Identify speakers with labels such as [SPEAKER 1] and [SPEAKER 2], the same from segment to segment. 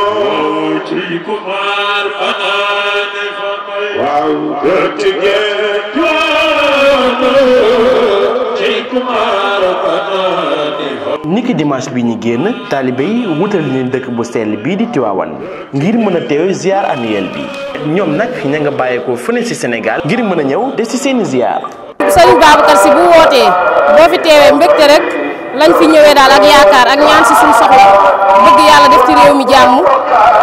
[SPEAKER 1] kumar anane famay waaw dëkk
[SPEAKER 2] ngeen
[SPEAKER 1] niki dimanche bi ñu génn talibé yi wutal leen dëkk bu sell bii di tiwaawan ngir mën a ziar annuel bi ñoom nag ña nga bàyyeekoo fële si sénégal ngir mën a de si seeni ziar
[SPEAKER 3] sëriñ babacar si bu wootee boo fi teewee mbégte rek lañ fi ñëwee daal ak yaakaar ak ñaan si suñ soxla bëgg yàlla def réew mi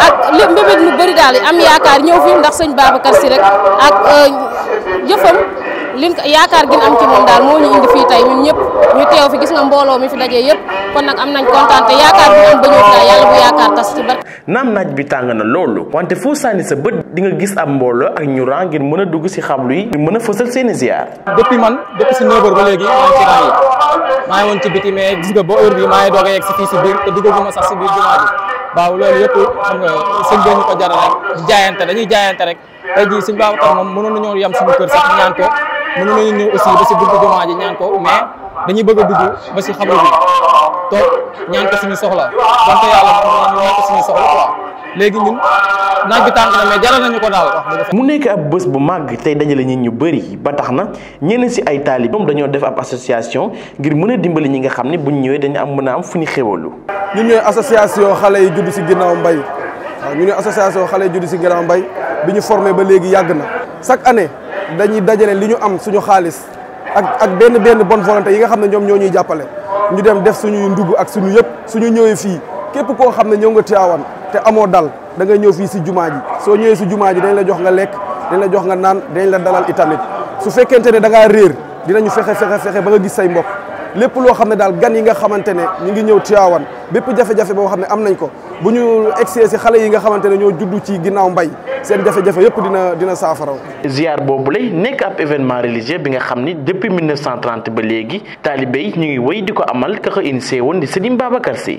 [SPEAKER 3] ak lépp mbébét lu bëri am yaakaar ñëw fii ndax sëñ Babacar Sy rek ak euh, jëfam liñ ko yaakaar gin am ci moom daal moo ñu indi fii tey ñun ñëpp ñu teew fi gis nga mbooloo mi fi dajee yëpp kon nag am nañ kontaan te yaakaar bi am ba bu yaakaar tas ci barke
[SPEAKER 1] naam naaj bi tàng na loolu wante foo sànni sa bët di nga gis ab mbooloo ak ñu ngir a dugg si xablu yi ñu mën a ziar
[SPEAKER 4] depuis man depuis si 9h ba léegi maa ci rang yi maa ngi ci biti mais gis nga ba heure bi maa ngi doog a yegg si fii si biir sax waaw loolu yëpp xam nga sëñ bi ñu ko jaral rek jaayante dañuy jaayante rek tey jii sëñ Babacar moom mënoon nañoo yem suñu kër sax ñaan ko mënoon nañu ñëw aussi ba si buntu jumaa ji ñaan ko mais dañuy bëgg dugg ba si xabru bi ñaan ko suñu soxla donte yàlla moom ñaan ko suñu soxla quoi léegi ñun naaj bi tànk na mais jaral nañu ko
[SPEAKER 1] mu nekk ab bu dajale ñu bëri ba tax na ay dañoo def ab association ngir dimbali ñi nga dañu am am fu ñu
[SPEAKER 2] ñun association xale yi judd si ginnaaw mbay waaw ñu ne association xale yi judd si ginnaaw mbay bi ñu formé ba léegi yàgg na chaque année dañuy dajale li ñu am suñu xaalis ak ak benn benn bonne volonté yi nga xam ne ñoom ñoo ñuy jàppale ñu dem def suñuy ndugg ak suñu yëpp suñu ñëwee fii képp koo xam ne ñëw nga Tiwaawan te amoo dal dangay ñëw fii si jumaa ji soo ñëwee si jumaa ji dañu la jox nga lekk dañ la jox nga naan dañ la dalal itamit su fekkente ne dangaa réer dinañu fexe fexe fexe ba nga gis say mbokk lépp loo xam ne daal gan yi nga xamante ne ñu ngi ñëw Tiwaawan bépp jafe-jafe boo xam ne am nañ ko bu ñu egsee si xale yi nga xamante ne ñoo juddu ci ginnaaw mbay seen jafe-jafe yëpp dina dina saafaraw ziar boobu lay
[SPEAKER 1] nekk ab événement religieux bi nga xam ni depuis 1930 ba léegi taalibe yi ñu ngi woy di ko amal ka ko initié woon di Sëriñ Babacar Si